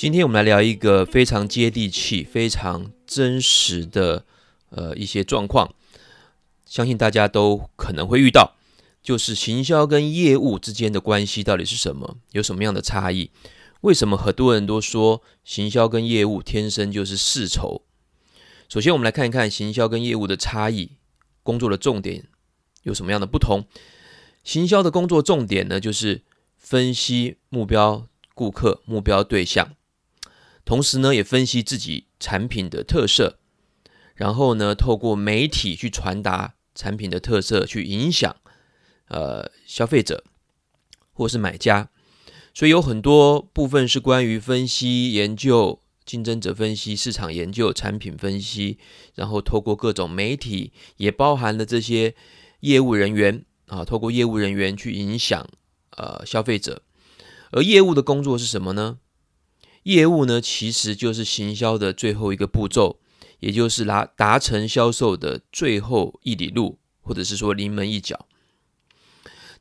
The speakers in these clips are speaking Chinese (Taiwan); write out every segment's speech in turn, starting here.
今天我們來聊一個非常接地氣、非常真實的呃一些狀況，相信大家都可能會遇到，就是行銷跟業務之間的關係到底是什麼，有什麼樣的差異？為什麼很多人都說行銷跟業務天生就是世仇？首先，我們來看一看行銷跟業務的差異，工作的重點有什麼樣的不同？行銷的工作重點呢，就是分析目標顧客、目標對象。同時呢，也分析自己產品的特色，然後呢，透過媒體去傳達產品的特色，去影響呃消費者或是買家。所以有很多部分是關於分析、研究、競爭者分析、市場研究、產品分析，然後透過各種媒體，也包含了這些業務人員啊，透過業務人員去影響呃消費者。而業務的工作是什麼呢？業務呢，其實就是行銷的最後一個步驟，也就是拿達成銷售的最後一里路，或者是說臨門一腳。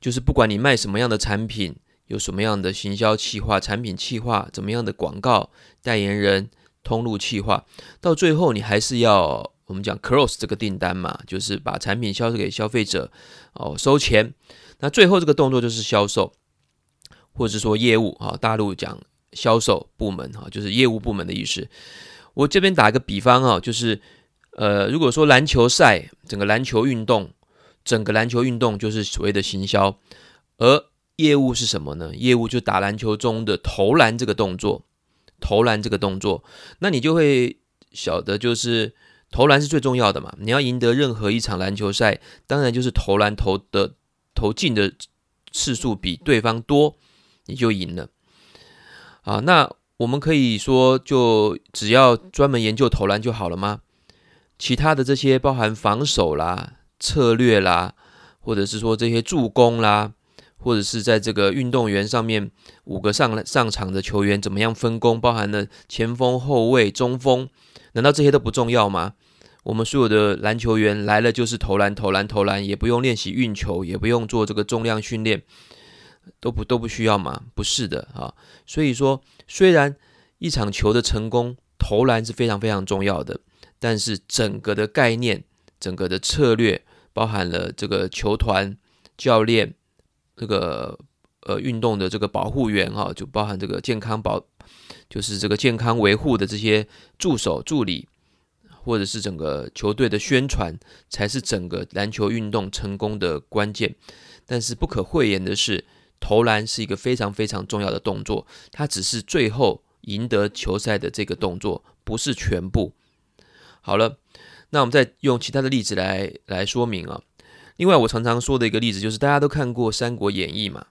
就是不管你賣什麼樣的產品，有什麼樣的行銷企劃、產品企劃、怎麼樣的廣告、代言人通路企劃，到最後你還是要我們講 cross 這個訂單嘛，就是把產品銷售給消費者，哦，收錢。那最後這個動作就是銷售，或者是說業務啊、哦，大陸講。銷售部門哈，就是業務部門的意思。我這邊打個比方啊，就是呃，如果說籃球賽，整個籃球運動，整個籃球運動就是所謂的行銷，而業務是什麼呢？業務就打籃球中的投籃這個動作，投籃這個動作，那你就會曉得，就是投籃是最重要的嘛。你要贏得任何一場籃球賽，當然就是投籃投的投進的次數比對方多，你就贏了。啊，那我們可以說，就只要專門研究投籃就好了嗎？其他的這些，包含防守啦、策略啦，或者是說這些助攻啦，或者是在這個運動員上面五個上上場的球員怎麼樣分工，包含了前鋒、後衛、中鋒，難道這些都不重要嗎？我們所有的籃球員來了就是投籃、投籃、投籃，也不用練習運球，也不用做這個重量訓練。都不都不需要嘛？不是的啊！所以說，雖然一場球的成功投籃是非常非常重要的，但是整個的概念、整個的策略，包含了這個球團、教練、這個呃運動的這個保護員啊，就包含這個健康保，就是這個健康維護的這些助手、助理，或者是整個球隊的宣傳，才是整個籃球運動成功的關鍵。但是不可諱言的是。投籃是一個非常非常重要的動作，它只是最後贏得球賽的這個動作，不是全部。好了，那我們再用其他的例子來來說明啊。另外，我常常說的一個例子就是大家都看過《三國演義》嘛，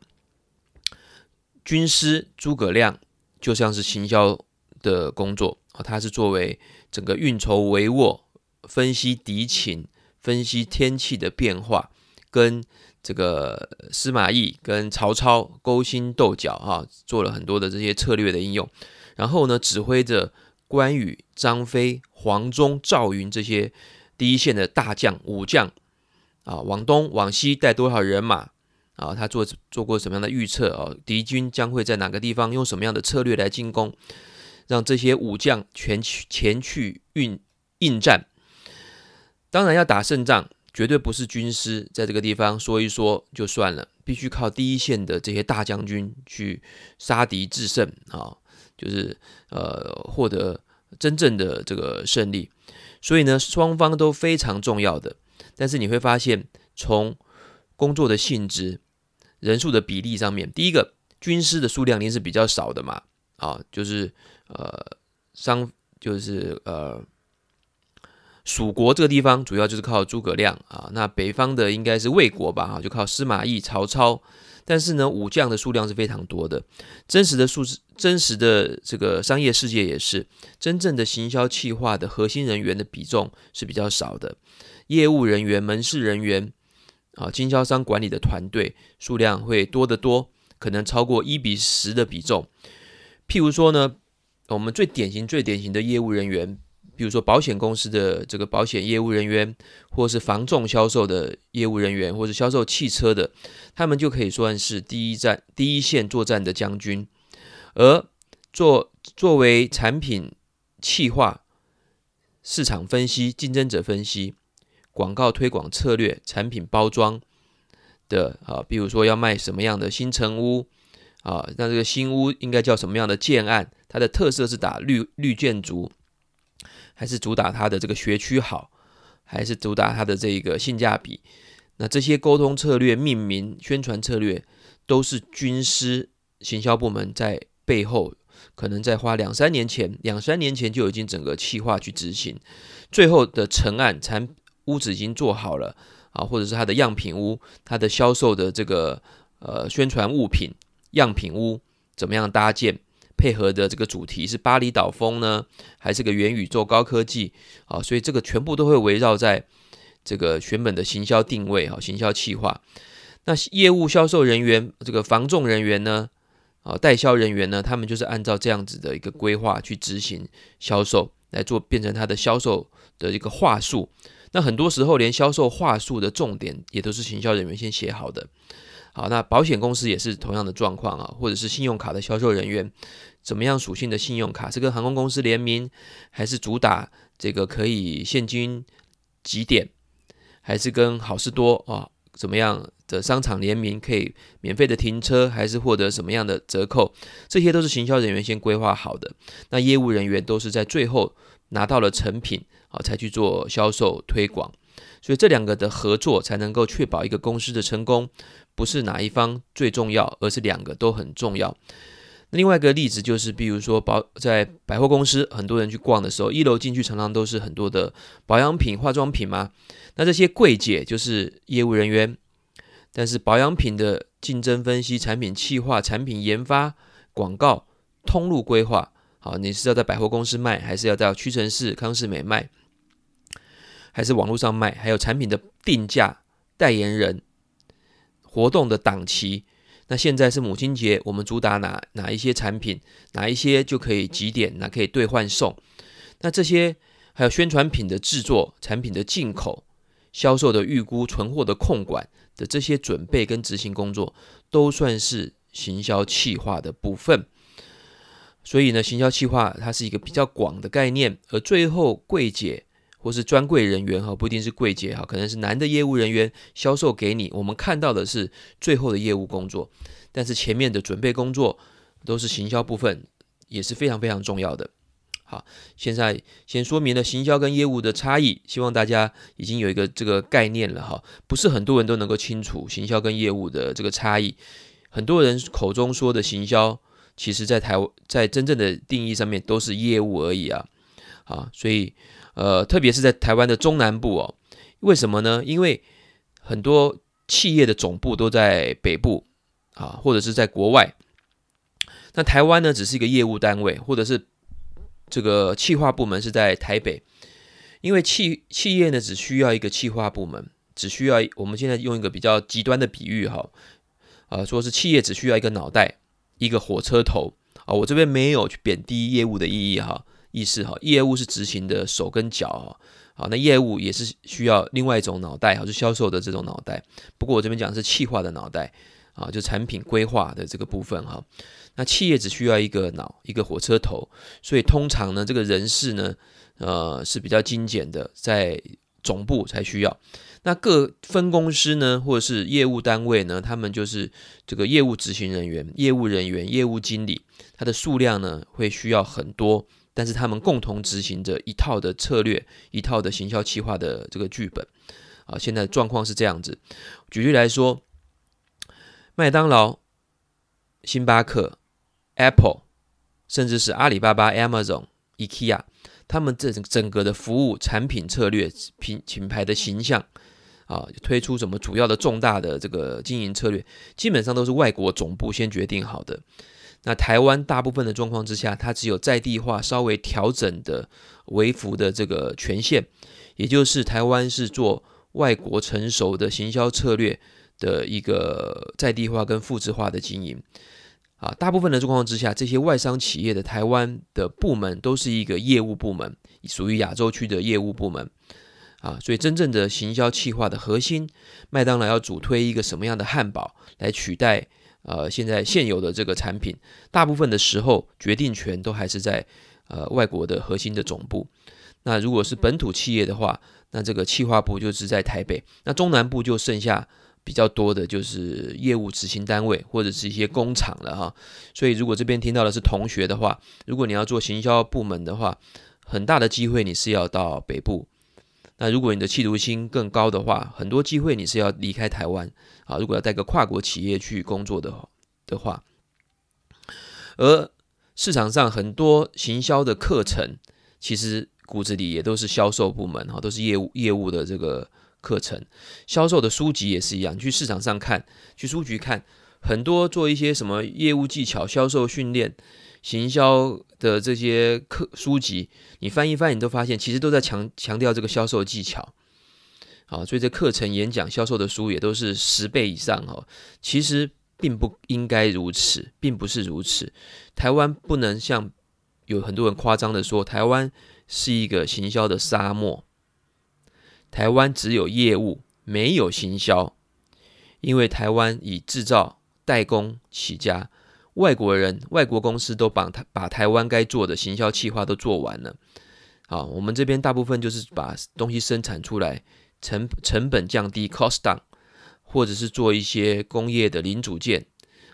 軍師諸葛亮就像是行銷的工作啊，他是作為整個運籌帷幄、分析敵情、分析天氣的變化跟。這個司馬懿跟曹操勾心鬥角哈、啊，做了很多的這些策略的應用，然後呢，指揮着關羽、張飛、黃忠、趙雲這些第一線的大將武將啊，往東往西帶多少人馬啊？他做做過什麼樣的預測啊？敵軍將會在哪個地方用什麼樣的策略來進攻？讓這些武將前去前去應應戰，當然要打勝仗。絕對不是軍師在這個地方說一說就算了，必須靠第一線的這些大將軍去殺敵制勝啊，就是呃獲得真正的這個勝利。所以呢，雙方都非常重要的。但是你會發現，從工作的性質、人數的比例上面，第一個軍師的數量一定是比較少的嘛，啊、哦，就是呃商就是呃。蜀國這個地方主要就是靠諸葛亮啊，那北方的應該是魏國吧，哈，就靠司馬懿、曹操。但是呢，武將的數量是非常多的。真實的數字，真實的這個商業世界也是，真正的行銷企劃的核心人員的比重是比較少的，業務人員、門市人員啊，經銷商管理的團隊數量會多得多，可能超過一比十的比重。譬如說呢，我們最典型、最典型的業務人員。比如說保險公司的這個保險業務人員，或是房仲銷售的業務人員，或是銷售汽車的，他們就可以算是第一戰、第一線作戰的將軍。而作作為產品企劃、市場分析、競爭者分析、廣告推廣策略、產品包裝的啊，比如說要賣什麼樣的新成屋啊，那這個新屋應該叫什麼樣的建案？它的特色是打綠、綠建築。還是主打它的這個學區好，還是主打它的這個性價比？那這些溝通策略、命名、宣傳策略，都是軍師行銷部門在背後可能在花兩三年前，兩三年前就已經整個企劃去執行，最後的成案產屋子已經做好了啊，或者是它的樣品屋、它的銷售的這個呃宣傳物品、樣品屋怎麼樣搭建？配合的這個主題是巴厘島風呢，還是個元宇宙高科技啊？所以這個全部都會圍繞在這個選本的行銷定位啊，行銷企劃。那業務銷售人員、這個房仲人員呢，啊，代銷人員呢，他們就是按照這樣子的一個規劃去執行銷售來做，變成他的銷售的一個話術。那很多時候連銷售話術的重點也都是行銷人員先寫好的。好，那保險公司也是同樣的狀況啊，或者是信用卡的銷售人員，怎麼樣屬性的信用卡？是跟航空公司聯名，還是主打這個可以現金積點，還是跟好事多啊怎麼樣的商場聯名，可以免費的停車，還是獲得什麼樣的折扣？這些都是行銷人員先規劃好的，那業務人員都是在最後拿到了成品啊，才去做銷售推廣。所以這兩個的合作才能夠確保一個公司的成功，不是哪一方最重要，而是兩個都很重要。那另外一個例子就是，比如說保在百貨公司，很多人去逛的時候，一樓進去常常都是很多的保養品、化妝品嘛。那這些櫃姐就是業務人員，但是保養品的競爭分析、產品企劃、產品研發、廣告、通路規劃，好，你是要在百貨公司賣，還是要在屈臣氏、康是美賣？還是網絡上賣，還有產品的定價、代言人、活動的檔期。那現在是母親節，我們主打哪哪一些產品，哪一些就可以幾點，哪可以兌換送。那這些還有宣傳品的制作、產品的進口、銷售的預估、存貨的控管的這些準備跟執行工作，都算是行銷企劃的部分。所以呢，行銷企劃它是一個比較廣的概念，而最後櫃姐。或是專櫃人員哈，不一定是櫃姐哈，可能是男的業務人員銷售給你。我們看到的是最後的業務工作，但是前面的準備工作都是行銷部分，也是非常非常重要的。好，現在先說明了行銷跟業務的差異，希望大家已經有一個這個概念了哈。不是很多人都能夠清楚行銷跟業務的這個差異。很多人口中說的行銷，其實在台在真正的定義上面都是業務而已啊啊，所以。呃，特別是在台灣的中南部哦，為什麼呢？因為很多企業的總部都在北部啊，或者是在國外。那台灣呢，只是一個業務單位，或者是這個企劃部門是在台北。因為企企業呢，只需要一個企劃部門，只需要我們現在用一個比較極端的比喻哈，啊，說是企業只需要一個腦袋，一個火車頭啊。我這邊沒有去貶低業務的意義哈。意思哈，業務是執行的手跟腳哈，好，那業務也是需要另外一種腦袋，好，是銷售的這種腦袋。不過我這邊講的是企劃的腦袋啊，就產品規劃的這個部分哈。那企業只需要一個腦，一個火車頭，所以通常呢，這個人事呢，呃，是比較精簡的，在總部才需要。那各分公司呢，或者是業務單位呢，他們就是這個業務執行人員、業務人員、業務經理，他的數量呢，會需要很多。但是他們共同執行着一套的策略，一套的行銷企劃的這個劇本，啊，現在狀況是這樣子。舉例來說，麥當勞、星巴克、Apple，甚至是阿里巴巴、Amazon、IKEA，他們這整個的服務、產品策略、品品牌的形象，啊，推出什麼主要的重大的這個經營策略，基本上都是外國總部先決定好的。那台灣大部分的狀況之下，它，只有在地化稍微調整的微幅的這個權限，也就是台灣是做外國成熟的行銷策略的一個在地化跟複製化的經營。啊，大部分的狀況之下，這些外商企業的台灣的部門都是一個業務部門，屬於亞洲區的業務部門。啊，所以真正的行銷企劃的核心，麥當勞要主推一個什麼樣的漢堡來取代？呃，現在現有的這個產品，大部分的時候決定權都還是在呃外國的核心的總部。那如果是本土企業的話，那這個企劃部就是在台北，那中南部就剩下比較多的就是業務執行單位或者是一些工廠了哈。所以如果這邊聽到的是同學的話，如果你要做行銷部門的話，很大的機會你是要到北部。那如果你的企圖心更高的話，很多機會你是要離開台灣啊。如果要帶個跨國企業去工作的的話，而市場上很多行銷的課程，其實骨子裡也都是銷售部門哈，都是業務業務的這個課程，銷售的書籍也是一樣。你去市場上看，去書局看。很多做一些什麼業務技巧、銷售訓練、行銷的這些課書籍，你翻一翻，你都發現其實都在強強調這個銷售技巧。啊，所以這課程、演講、銷售的書也都是十倍以上哦。其實並不應該如此，並不是如此。台灣不能像有很多人誇張的說，台灣是一個行銷的沙漠。台灣只有業務，沒有行銷，因為台灣以製造代工起家，外國人、外國公司都把台把台灣該做的行銷企劃都做完了。好、啊，我們這邊大部分就是把東西生產出來，成成本降低 （cost down），或者是做一些工業的零組件。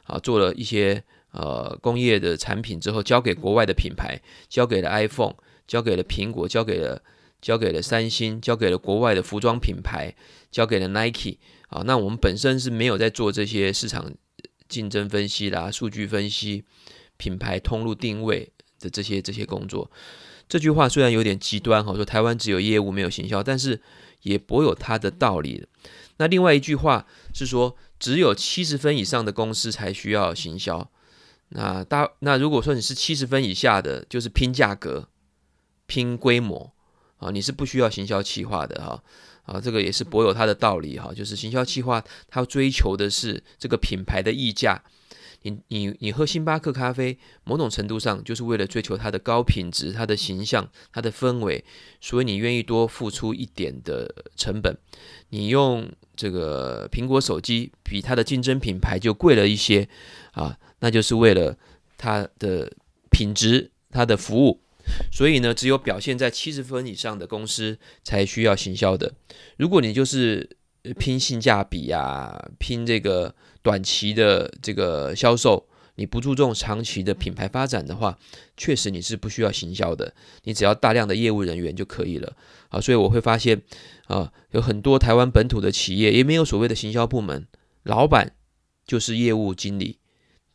啊，做了一些呃工業的產品之後，交給國外的品牌，交給了 iPhone，交給了蘋果，交給了交給了三星，交給了國外的服裝品牌，交給了 Nike。啊，那我們本身是沒有在做這些市場。競爭分析啦，數據分析、品牌通路定位的這些這些工作。這句話雖然有點極端哈，說台灣只有業務沒有行銷，但是也頗有它的道理。那另外一句話是說，只有七十分以上的公司才需要行銷。那大那如果說你是七十分以下的，就是拼價格、拼規模啊、哦，你是不需要行銷企劃的哈。哦啊，這個也是頗有它的道理哈、啊。就是行銷企劃，它追求的是這個品牌的溢價。你、你、你喝星巴克咖啡，某種程度上就是為了追求它的高品質、它的形象、它的氛圍，所以你願意多付出一點的成本。你用這個蘋果手機，比它的競爭品牌就貴了一些啊，那就是為了它的品質、它的服務。所以呢，只有表現在七十分以上的公司才需要行銷的。如果你就是拼性價比啊，拼這個短期的這個銷售，你不注重長期的品牌發展的話，確實你是不需要行銷的。你只要大量的業務人員就可以了啊。所以我會發現啊、呃，有很多台灣本土的企業也沒有所謂的行銷部門，老板就是業務經理，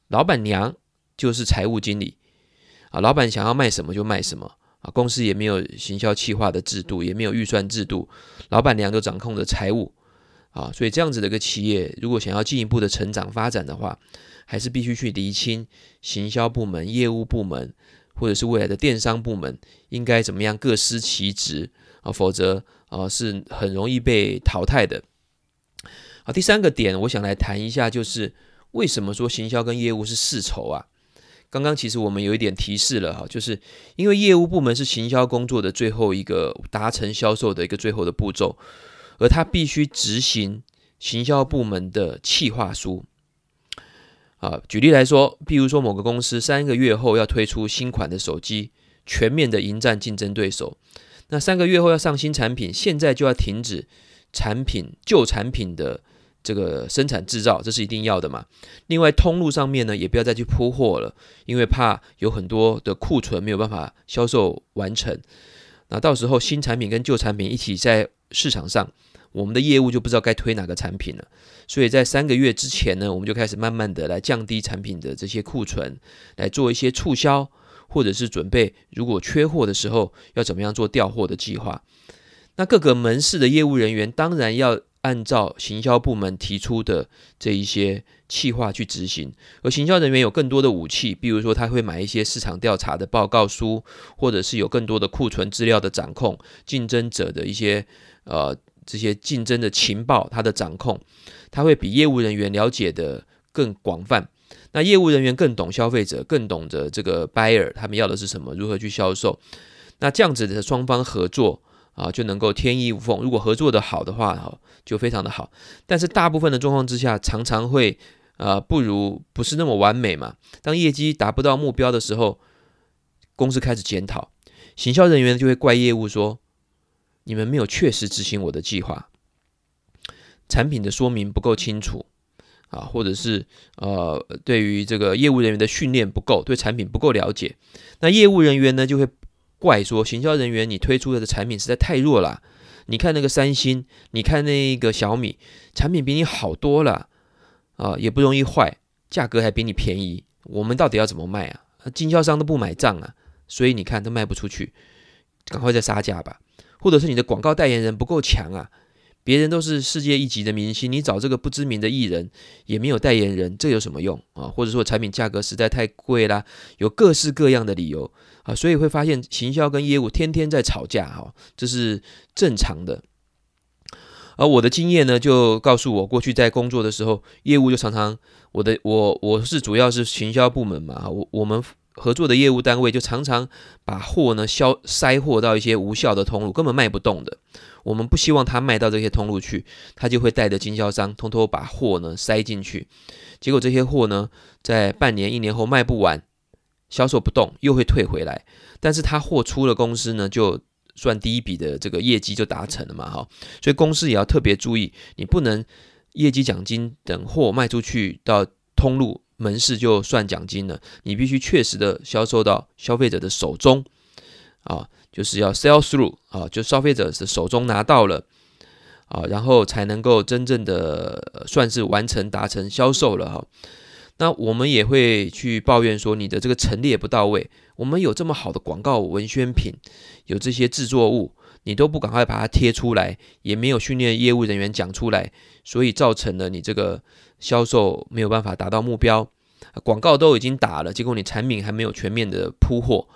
老板娘就是財務經理。啊，老闆想要賣什麼就賣什麼啊，公司也沒有行銷企劃的制度，也沒有預算制度，老闆娘都掌控着財務啊，所以這樣子的一個企業，如果想要進一步的成長發展的話，還是必須去釐清行銷部門、業務部門，或者是未來的電商部門應該怎麼樣各司其職啊，否則啊是很容易被淘汰的。好，啊，第三個點，我想來談一下，就是為什麼說行銷跟業務是世仇啊？剛剛其實我們有一點提示了哈，就是因為業務部門是行銷工作的最後一個達成銷售的一個最後的步驟，而他必須執行行銷部門的企劃書。啊，舉例來說，譬如說某個公司三個月後要推出新款的手機，全面的迎戰競爭對手，那三個月後要上新產品，現在就要停止產品，舊產品的。這個生產製造，這是一定要的嘛。另外通路上面呢，也不要再去鋪貨了，因為怕有很多的庫存沒有辦法銷售完成。那到時候新產品跟舊產品一起在市場上，我們的業務就不知道該推哪個產品了。所以在三個月之前呢，我們就開始慢慢的來降低產品的這些庫存，來做一些促銷，或者是準備如果缺貨的時候要怎麼樣做調貨的計劃。那各個門市的業務人員當然要。按照行銷部門提出的這一些企劃去執行，而行銷人員有更多的武器，比如說他會買一些市場調查的報告書，或者是有更多的庫存資料的掌控，競爭者的一些呃這些競爭的情報，他的掌控，他會比業務人員了解的更廣泛。那業務人員更懂消費者，更懂得這個 buyer 他們要的是什麼，如何去銷售。那這樣子的雙方合作。啊，就能夠天衣無縫。如果合作的好的話，哈、啊，就非常的好。但是大部分的狀況之下，常常會，啊、呃、不如不是那麼完美嘛。當業績達不到目標的時候，公司開始檢討，行銷人員就會怪業務說，你們沒有確實執行我的計劃，產品的說明不夠清楚，啊，或者是呃，對於這個業務人員的訓練不夠，對產品不夠了解。那業務人員呢，就會。怪說行銷人員，你推出的產品實在太弱了。你看那個三星，你看那個小米，產品比你好多了，啊，也不容易壞，價格還比你便宜。我們到底要怎麼賣啊？經銷商都不買賬啊，所以你看都賣不出去，趕快再殺價吧，或者是你的廣告代言人不夠強啊。別人都是世界一級的明星，你找這個不知名的藝人，也沒有代言人，這有什麼用啊？或者說產品價格實在太貴啦，有各式各樣的理由啊，所以會發現行銷跟業務天天在吵架哈、啊，這是正常的。而、啊、我的經驗呢，就告訴我過去在工作的時候，業務就常常我的我我是主要是行銷部門嘛，我我們合作的業務單位就常常把貨呢銷塞貨到一些無效的通路，根本賣不動的。我們不希望他賣到這些通路去，他就會帶着經銷商偷偷把貨呢塞進去，結果這些貨呢在半年一年後賣不完，銷售不動又會退回來，但是他貨出了公司呢，就算第一筆的這個業績就達成了嘛，哈，所以公司也要特別注意，你不能業績獎金等貨賣出去到通路門市就算獎金了，你必須確實的銷售到消費者的手中，啊、哦。就是要 sell through 啊，就消費者是手中拿到了啊，然後才能夠真正的算是完成達成銷售了哈。那我們也會去抱怨說，你的這個陳列不到位，我們有這麼好的廣告文宣品，有這些制作物，你都不趕快把它貼出來，也沒有訓練業務人員講出來，所以造成了你這個銷售沒有辦法達到目標。廣告都已經打了，結果你產品還沒有全面的鋪貨。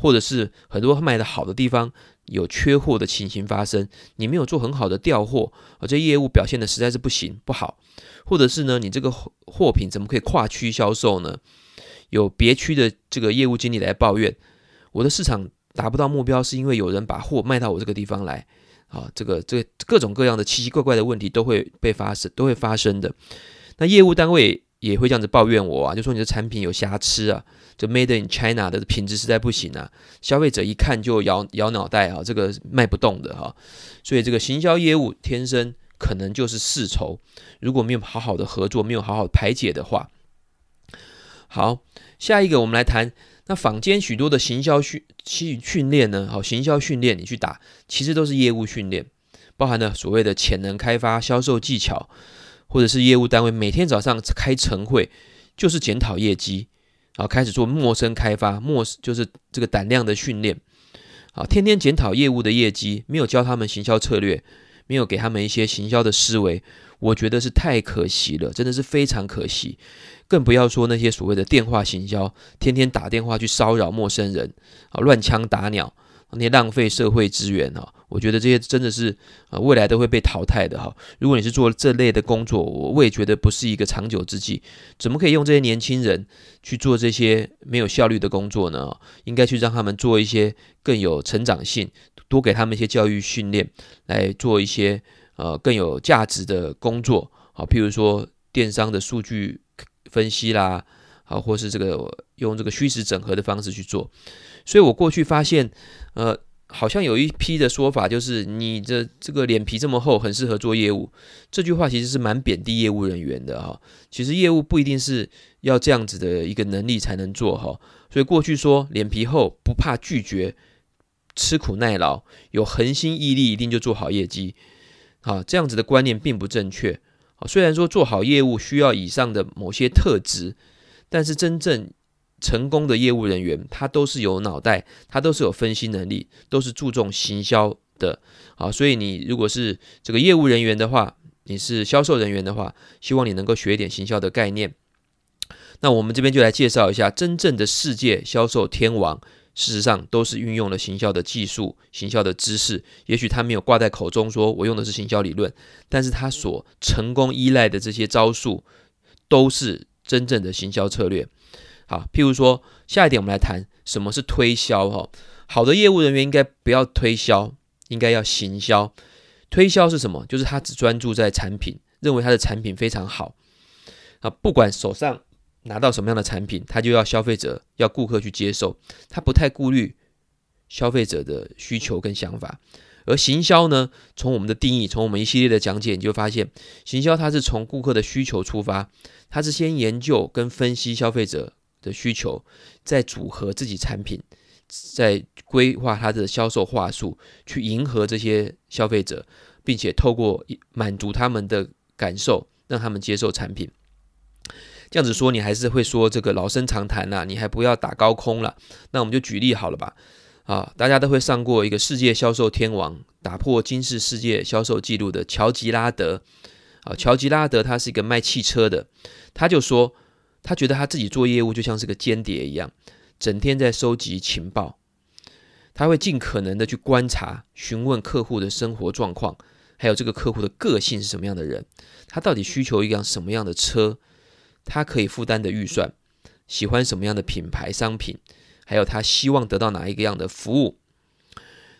或者是很多賣得好的地方有缺貨的情形發生，你沒有做很好的調貨，而這業務表現得實在是不行不好，或者是呢，你這個貨品怎麼可以跨區銷售呢？有別區的這個業務經理來抱怨，我的市場達不到目標，是因為有人把貨賣到我這個地方來，啊，這個這個各種各樣的奇奇怪怪的問題都會被發生，都會發生的。那業務單位。也會這樣子抱怨我啊，就說你的產品有瑕疵啊，就 Made in China 的品質實在不行啊，消費者一看就搖搖腦袋啊，這個賣不動的哈啊，所以這個行銷業務天生可能就是世仇，如果沒有好好的合作，沒有好好的排解的話，好，下一個我們來談，那坊間許多的行銷訓訓訓練呢，好，行銷訓練你去打，其實都是業務訓練，包含了所謂的潛能開發、銷售技巧。或者是業務單位每天早上開晨會，就是檢討業績，然後開始做陌生開發，陌生就是這個膽量的訓練，啊，天天檢討業務的業績，沒有教他們行銷策略，沒有給他們一些行銷的思維，我覺得是太可惜了，真的是非常可惜，更不要說那些所謂的電話行銷，天天打電話去騷擾陌生人，啊，亂槍打鳥，那些浪費社會資源哦。我覺得這些真的是，啊，未來都會被淘汰的哈。如果你是做這類的工作，我，我也覺得不是一個長久之計。怎麼可以用這些年輕人去做這些沒有效率的工作呢？應該去讓他們做一些更有成長性，多給他們一些教育訓練，來做一些呃更有價值的工作啊。譬如說電商的數據分析啦，啊，或是這個用這個虛實整合的方式去做。所以我過去發現，呃。好像有一批的說法，就是你的這，這個臉皮這麼厚，很適合做業務。這句話其實是蠻貶低業務人員的哈、哦。其實業務不一定是要這樣子的一個能力才能做好。所以過去說臉皮厚、不怕拒絕、吃苦耐勞、有恆心毅力，一定就做好業績。啊，這樣子的觀念並不正確。啊，雖然說做好業務需要以上的某些特質，但是真正。成功的業務人員，他都是有腦袋，他都是有分析能力，都是注重行銷的。好，所以你如果是這個業務人員的話，你是銷售人員的話，希望你能夠學一點行銷的概念。那我們這邊就來介紹一下真正的世界銷售天王，事實上都是運用了行銷的技術、行銷的知識。也許他沒有掛在口中說“我用的是行銷理論”，但是他所成功依賴的這些招數，都是真正的行銷策略。好，譬如說，下一點我們來談什麼是推銷。哈，好的業務人員應該不要推銷，應該要行銷。推銷是什麼？就是他只專注在產品，認為他的產品非常好。啊，不管手上拿到什麼樣的產品，他就要消費者、要顧客去接受，他不太顧慮消費者的需求跟想法。而行銷呢，從我們的定義，從我們一系列的講解，你就發現行銷它是從顧客的需求出發，他是先研究跟分析消費者。的需求，再組合自己產品，再規劃他的銷售話術，去迎合這些消費者，並且透過滿足他們的感受，讓他們接受產品。這樣子說，你還是會說這個老生常談了，啊，你還不要打高空了。那我們就舉例好了吧。啊，大家都會上過一個世界銷售天王，打破金氏世界銷售記錄的喬吉拉德。啊，喬吉拉德他是一個賣汽車的，他就說。他覺得他自己做業務就像是個間諜一樣，整天在收集情報。他會盡可能的去觀察、詢問客戶的生活狀況，還有這個客戶的個性是什麼樣的人，他到底需求一輛什麼樣的車，他可以負擔的預算，喜歡什麼樣的品牌商品，還有他希望得到哪一個樣的服務。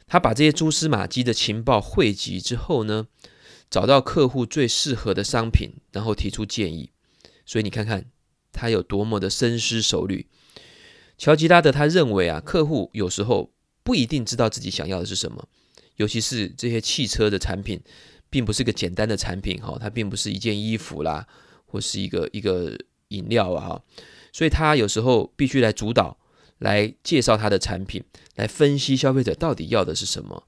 他把這些蛛絲馬跡的情報匯集之後呢，找到客戶最適合的商品，然後提出建議。所以你看看。他有多麼的深思熟慮，喬吉拉德他認為啊，客戶有時候不一定知道自己想要的是什麼，尤其是這些汽車的產品，並不是個簡單的產品哈，它並不是一件衣服啦，或是一個一個飲料啊，所以他有時候必須來主導，來介紹他的產品，來分析消費者到底要的是什麼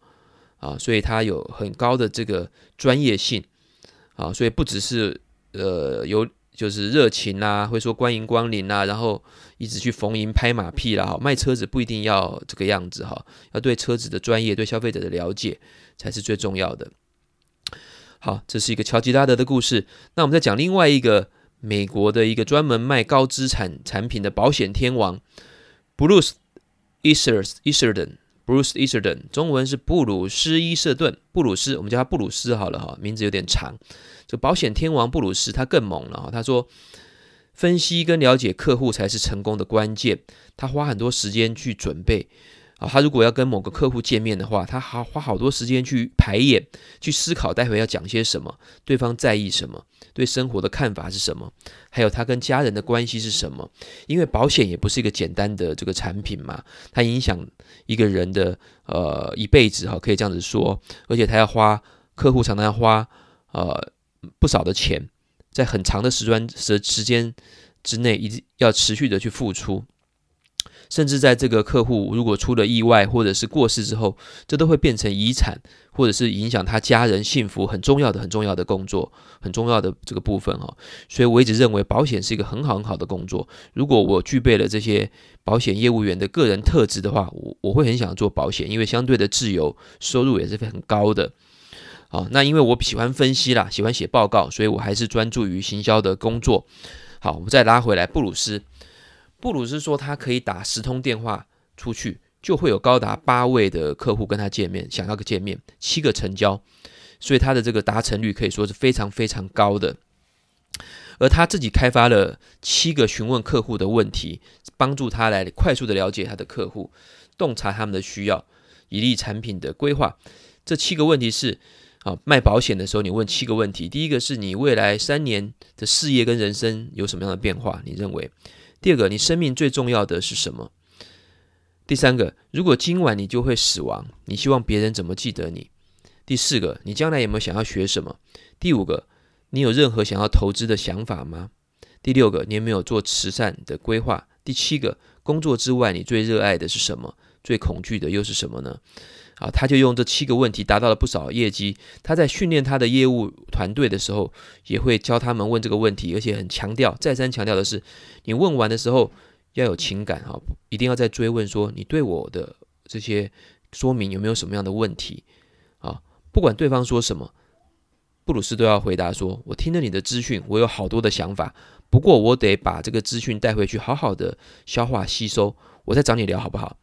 啊，所以他有很高的這個專業性啊，所以不只是呃有。就是熱情吶、啊，會說歡迎光臨啊，然後一直去逢迎拍馬屁啦、啊。賣車子不一定要這個樣子哈，要對車子的專業、對消費者的了解才是最重要的。好，這是一個喬吉拉德的故事。那我們再講另外一個美國的一個專門賣高資產產品的保險天王，Bruce Etherington，Bruce Etherington，中文是布魯斯·伊瑟頓，布魯斯，我們叫他布魯斯好了哈，名字有點長。保險天王布魯斯他更猛了啊！他說，分析跟了解客戶才是成功的關鍵。他花很多時間去準備啊，他如果要跟某個客戶見面的話，他還花好多時間去排演，去思考待會要講些什麼，對方在意什麼，對生活的看法是什麼，還有他跟家人的關係是什麼。因為保險也不是一個簡單的這個產品嘛，它影響一個人的呃一輩子哈，可以這樣子說。而且他要花客戶常常要花呃。不少的錢，在很長的時時時間之內，一直要持續的去付出，甚至在這個客戶如果出了意外或者是過世之後，這都會變成遺產，或者是影響他家人幸福，很重要的、很重要的工作，很重要的這個部分哦，所以我一直認為保險是一個很好很好的工作。如果我具備了這些保險業務員的個人特質的話，我我會很想做保險，因為相對的自由，收入也是非常高的。啊，那因為我喜歡分析啦，喜歡寫報告，所以我還是專注於行銷的工作。好，我們再拉回來，布魯斯，布魯斯說他可以打十通電話出去，就會有高達八位的客戶跟他見面，想要個見面，七個成交，所以他的這個達成率可以說是非常非常高的。而他自己開發了七個詢問客戶的問題，幫助他來快速的了解他的客戶，洞察他們的需要，以利產品的規劃。這七個問題是，好、啊，賣保險的時候，你問七個問題。第一個是你未來三年的事業跟人生有什麼樣的變化？你認為？第二個，你生命最重要的是什麼？第三個，如果今晚你就會死亡，你希望別人怎麼記得你？第四個，你將來有沒有想要學什麼？第五個，你有任何想要投資的想法嗎？第六個，你有沒有做慈善的規劃？第七個，工作之外你最熱愛的是什麼？最恐懼的又是什麼呢？啊，他就用這七個問題達到了不少業績。他在訓練他的業務團隊的時候，也會教他們問這個問題，而且很強調、再三強調的是：你問完的時候要有情感啊，一定要再追問說，你對我的這些說明有沒有什麼樣的問題啊？不管對方說什麼，布魯斯都要回答說：“我聽了你的資訊，我有好多的想法，不過我得把這個資訊帶回去，好好的消化吸收，我再找你聊，好不好？”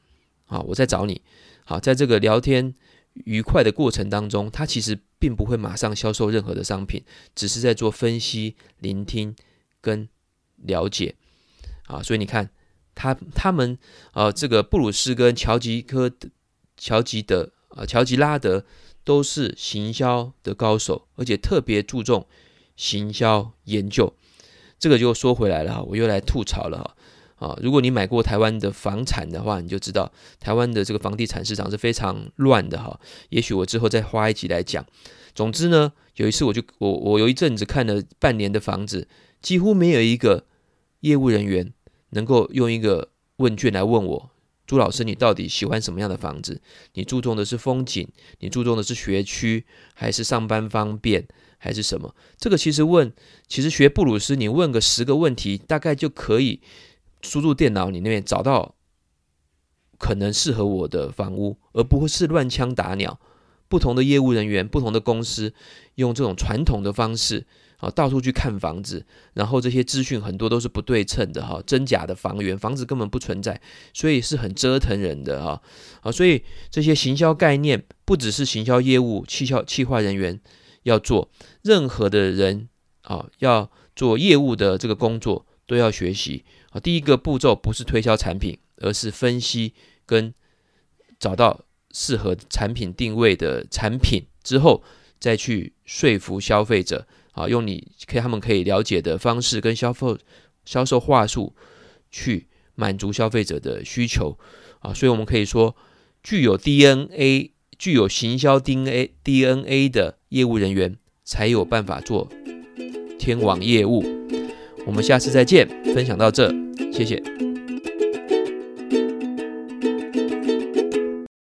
啊，我再找你。好，在這個聊天愉快的過程當中，他其實並不會馬上銷售任何的商品，只是在做分析、聆聽跟了解。啊，所以你看，他他們呃，這個布魯斯跟喬吉科、喬吉德、啊、呃，喬吉拉德都是行銷的高手，而且特別注重行銷研究。這個就說回來了，我又來吐槽了哈。啊，如果你買過台灣的房產的話，你就知道台灣的這個房地產市場是非常亂的哈。也許我之後再花一集來講。總之呢，有一次我就我我有一陣子看了半年的房子，幾乎沒有一個業務人員能夠用一個問卷來問我，朱老師，你到底喜歡什麼樣的房子？你注重的是風景？你注重的是學區？還是上班方便，還是什麼？這個其實問，其實學布魯斯，你問個十個問題，大概就可以。輸入電腦，你那邊找到可能適合我的房屋，而不是亂槍打鳥。不同的業務人員、不同的公司，用這種傳統的方式啊，到處去看房子，然後這些資訊很多都是不對稱的哈，真假的房源、房子根本不存在，所以是很折騰人的哈。啊，所以這些行銷概念不只是行銷業務、企劃、企劃人員要做，任何的人啊要做業務的這個工作都要學習。啊，第一個步驟不是推銷產品，而是分析跟找到適合產品定位的產品之後，再去說服消費者。啊，用你他們可以了解的方式跟銷售銷售話術去滿足消費者的需求。啊，所以我們可以說，具有 DNA、具有行銷 DNA、DNA 的業務人員才有辦法做天王業務。我們下次再見，分享到這，謝謝。